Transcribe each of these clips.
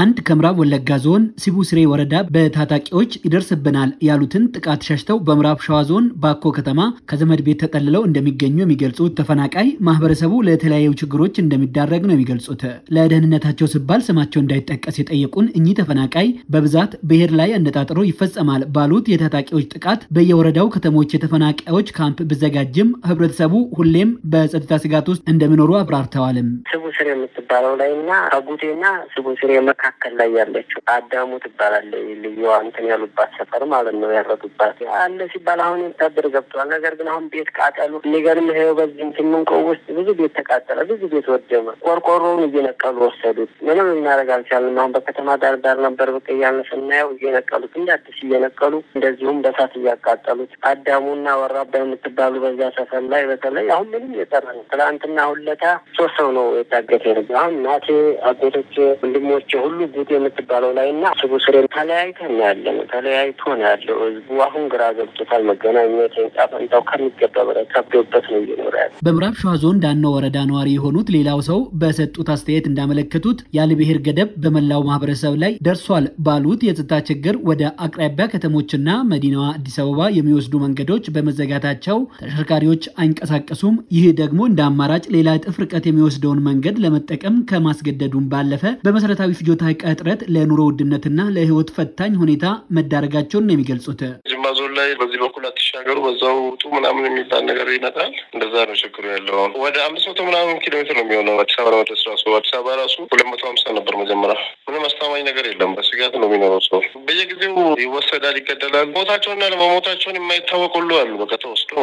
አንድ ከምዕራብ ወለጋ ዞን ሲቡ ስሬ ወረዳ በታጣቂዎች ይደርስብናል ያሉትን ጥቃት ሸሽተው በምዕራብ ሸዋ ዞን ባኮ ከተማ ከዘመድ ቤት ተጠልለው እንደሚገኙ የሚገልጹት ተፈናቃይ ማህበረሰቡ ለተለያዩ ችግሮች እንደሚዳረግ ነው የሚገልጹት። ለደህንነታቸው ሲባል ስማቸው እንዳይጠቀስ የጠየቁን እኚህ ተፈናቃይ በብዛት ብሔር ላይ አነጣጥሮ ይፈጸማል ባሉት የታጣቂዎች ጥቃት በየወረዳው ከተሞች የተፈናቃዮች ካምፕ ብዘጋጅም ህብረተሰቡ ሁሌም በጸጥታ ስጋት ውስጥ እንደሚኖሩ አብራርተዋልም። ስር የምትባለው ላይ እና አጉቴና ስጉ ስር የመካከል ላይ ያለችው አዳሙ ትባላለ። ልዩዋ እንትን ያሉባት ሰፈር ማለት ነው ያረዱባት አለ ሲባል አሁን ወታደር ገብቷል። ነገር ግን አሁን ቤት ቃጠሉ የሚገርም ይኸው በዚህም ስምንቆ ውስጥ ብዙ ቤት ተቃጠለ፣ ብዙ ቤት ወደመ። ቆርቆሮውን እየነቀሉ ወሰዱት። ምንም ልናደርግ አልቻልንም። አሁን በከተማ ዳርዳር ነበር ብቅ እያልን ስናየው እየነቀሉት እንደ አዲስ እየነቀሉ እንደዚሁም በሳት እያቃጠሉት አዳሙና ወራባ የምትባሉ በዛ ሰፈር ላይ በተለይ አሁን ምንም የጠረ ነው። ትላንትና ሁለታ ሶስት ሰው ነው የታ የታገተ ነበር። አሁን እናቴ፣ አጎቶቼ፣ ሁሉ ጉድ የምትባለው ላይ እና ስቡ ስሬ ተለያይተን ያለ ነው ተለያይቶ ነው ያለው ህዝቡ። አሁን ግራ ገብቶታል። መገናኘት ጠፈንታው ከሚገባ በላይ ከብዶበት ነው እየኖረ ያለ። በምዕራብ ሸዋ ዞን ዳና ወረዳ ነዋሪ የሆኑት ሌላው ሰው በሰጡት አስተያየት እንዳመለከቱት ያለ ብሔር ገደብ በመላው ማህበረሰብ ላይ ደርሷል ባሉት የጸጥታ ችግር ወደ አቅራቢያ ከተሞችና መዲናዋ አዲስ አበባ የሚወስዱ መንገዶች በመዘጋታቸው ተሽከርካሪዎች አይንቀሳቀሱም። ይህ ደግሞ እንደ አማራጭ ሌላ እጥፍ ርቀት የሚወስደውን መንገድ መንገድ ለመጠቀም ከማስገደዱም ባለፈ በመሰረታዊ ፍጆታ ዕቃ እጥረት ለኑሮ ውድነትና ለህይወት ፈታኝ ሁኔታ መዳረጋቸውን ነው የሚገልጹት። ጅማ ዞን ላይ በዚህ በኩል አትሻገሩ፣ በዛው ውጡ ምናምን የሚባል ነገር ይመጣል። እንደዛ ነው ችግሩ ያለው። ወደ አምስት መቶ ምናምን ኪሎ ሜትር ነው የሚሆነው አዲስ አበባ ለመድረስ ራሱ። አዲስ አበባ ራሱ ሁለት መቶ ሀምሳ ነበር መጀመሪያ። ምንም አስተማማኝ ነገር የለም። በስጋት ነው የሚኖረው ሰው። በየጊዜው ይወሰዳል፣ ይገደላል። ሞታቸውና ለመሞታቸውን የማይታወቅ ሁሉ አሉ በቃ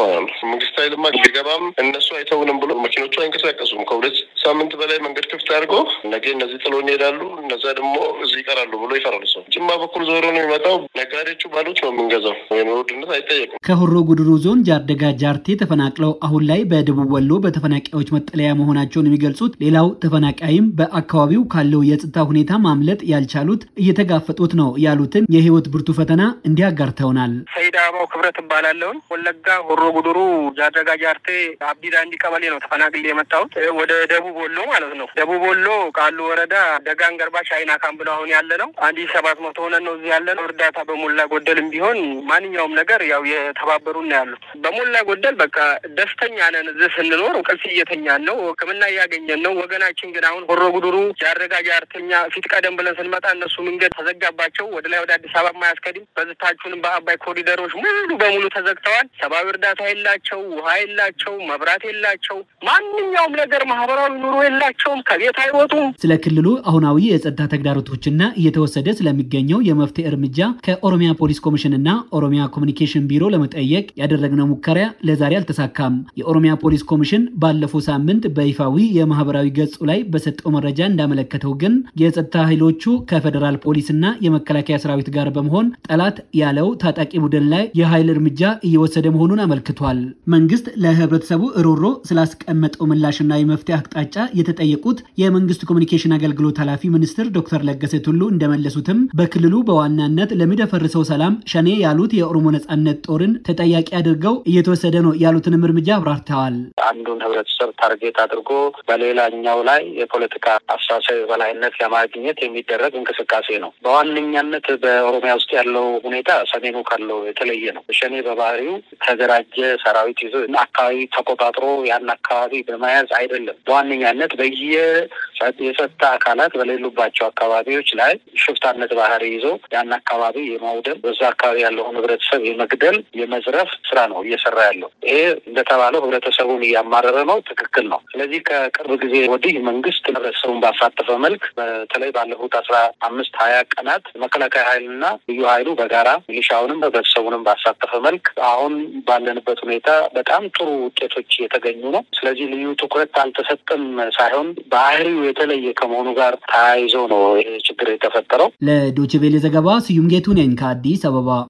ማለት ነው። መንግስት ኃይልማ ቢገባም እነሱ አይተውንም ብሎ መኪኖቹ አይንቀሳቀሱም። ከሁለት ሳምንት በላይ መንገድ ክፍት አድርጎ ነገ እነዚህ ጥሎ ይሄዳሉ፣ እነዛ ደግሞ እዚህ ይቀራሉ ብሎ ይፈራሉ። ሰው ጅማ በኩል ዞሮ ነው የሚመጣው። ነጋዴዎቹ ባሉት ነው የምንገዛው። የኑሮ ውድነት አይጠየቁም። ከሆሮ ጉድሩ ዞን ጃርደጋ ጃርቴ ተፈናቅለው አሁን ላይ በደቡብ ወሎ በተፈናቃዮች መጠለያ መሆናቸውን የሚገልጹት ሌላው ተፈናቃይም በአካባቢው ካለው የጸጥታ ሁኔታ ማምለጥ ያልቻሉት እየተጋፈጡት ነው ያሉትን የህይወት ብርቱ ፈተና እንዲያጋርተውናል። ሰይዳማው ክብረት እባላለሁኝ። ወለጋ ሆሮ ኦሮሞ ጉድሩ ጃጃጋ ጃርቴ አብዲ ዳንዲ ቀበሌ ነው ተፈናቅሌ የመጣሁት ወደ ደቡብ ወሎ ማለት ነው። ደቡብ ወሎ ቃሉ ወረዳ ደጋን ገርባ ሻይና ካም ብሎ አሁን ያለ ነው። አንድ ሰባት መቶ ሆነን ነው እዚህ ያለ ነው። እርዳታ በሞላ ጎደልም ቢሆን ማንኛውም ነገር ያው የተባበሩን ነው ያሉት። በሞላ ጎደል በቃ ደስተኛ ነን እዚህ ስንኖር፣ ቅርስ እየተኛን ነው፣ ሕክምና እያገኘን ነው። ወገናችን ግን አሁን ሆሮ ጉድሩ ጃረጋ ጃርተኛ ፊት ቀደም ብለን ስንመጣ እነሱ መንገድ ተዘጋባቸው ወደ ላይ ወደ አዲስ አበባ ማያስከድም በዝታችሁንም በአባይ ኮሪደሮች ሙሉ በሙሉ ተዘግተዋል። ሰብአዊ እርዳታ እርዳታ የላቸው፣ ውሃ የላቸው፣ መብራት የላቸው፣ ማንኛውም ነገር ማህበራዊ ኑሮ የላቸውም። ከቤት አይወጡም። ስለ ክልሉ አሁናዊ የጸጥታ ተግዳሮቶችና እየተወሰደ ስለሚገኘው የመፍትሄ እርምጃ ከኦሮሚያ ፖሊስ ኮሚሽንና ኦሮሚያ ኮሚኒኬሽን ቢሮ ለመጠየቅ ያደረግነው ሙከራ ለዛሬ አልተሳካም። የኦሮሚያ ፖሊስ ኮሚሽን ባለፈው ሳምንት በይፋዊ የማህበራዊ ገጹ ላይ በሰጠው መረጃ እንዳመለከተው ግን የጸጥታ ኃይሎቹ ከፌዴራል ፖሊስና የመከላከያ ሰራዊት ጋር በመሆን ጠላት ያለው ታጣቂ ቡድን ላይ የኃይል እርምጃ እየወሰደ መሆኑን ተመልክቷል። መንግስት ለህብረተሰቡ ሮሮ ስላስቀመጠው ምላሽና የመፍትሄ አቅጣጫ የተጠየቁት የመንግስት ኮሚኒኬሽን አገልግሎት ኃላፊ ሚኒስትር ዶክተር ለገሰ ቱሉ እንደመለሱትም በክልሉ በዋናነት ለሚደፈርሰው ሰላም ሸኔ ያሉት የኦሮሞ ነጻነት ጦርን ተጠያቂ አድርገው እየተወሰደ ነው ያሉትንም እርምጃ አብራርተዋል። አንዱን ህብረተሰብ ታርጌት አድርጎ በሌላኛው ላይ የፖለቲካ አስተሳሰብ የበላይነት ለማግኘት የሚደረግ እንቅስቃሴ ነው። በዋነኛነት በኦሮሚያ ውስጥ ያለው ሁኔታ ሰሜኑ ካለው የተለየ ነው። ሸኔ በባህሪው ተደራጅ የተደራጀ ሰራዊት ይዞ አካባቢ ተቆጣጥሮ ያን አካባቢ በመያዝ አይደለም። በዋነኛነት በየ አካላት በሌሉባቸው አካባቢዎች ላይ ሽፍታነት ባህሪ ይዞ ያን አካባቢ የማውደም በዛ አካባቢ ያለው ህብረተሰብ የመግደል የመዝረፍ ስራ ነው እየሰራ ያለው። ይሄ እንደተባለው ህብረተሰቡን እያማረረ ነው። ትክክል ነው። ስለዚህ ከቅርብ ጊዜ ወዲህ መንግስት ህብረተሰቡን ባሳተፈ መልክ በተለይ ባለፉት አስራ አምስት ሀያ ቀናት መከላከያ ኃይልና ልዩ ኃይሉ በጋራ ሚሊሻውንም ህብረተሰቡንም ባሳተፈ መልክ አሁን ባለ ባለንበት ሁኔታ በጣም ጥሩ ውጤቶች እየተገኙ ነው። ስለዚህ ልዩ ትኩረት አልተሰጠም ሳይሆን ባህሪው የተለየ ከመሆኑ ጋር ተያይዞ ነው ይሄ ችግር የተፈጠረው። ለዶችቬሌ ዘገባ ስዩም ጌቱ ነኝ ከአዲስ አበባ።